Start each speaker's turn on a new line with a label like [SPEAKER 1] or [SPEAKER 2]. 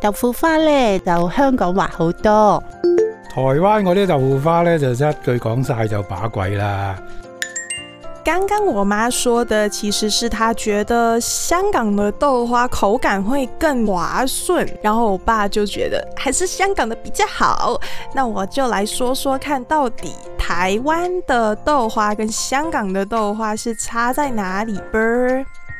[SPEAKER 1] 豆腐花呢，就香港滑好多，台灣嗰啲豆腐花呢，就一句講晒就把鬼啦。剛剛我媽說的其實是她覺得香港的豆花口感會更滑順，然後我爸就覺得還是香港的比較好。那我就來說說看到底台灣的豆花跟香港的豆花是差在哪裏啵？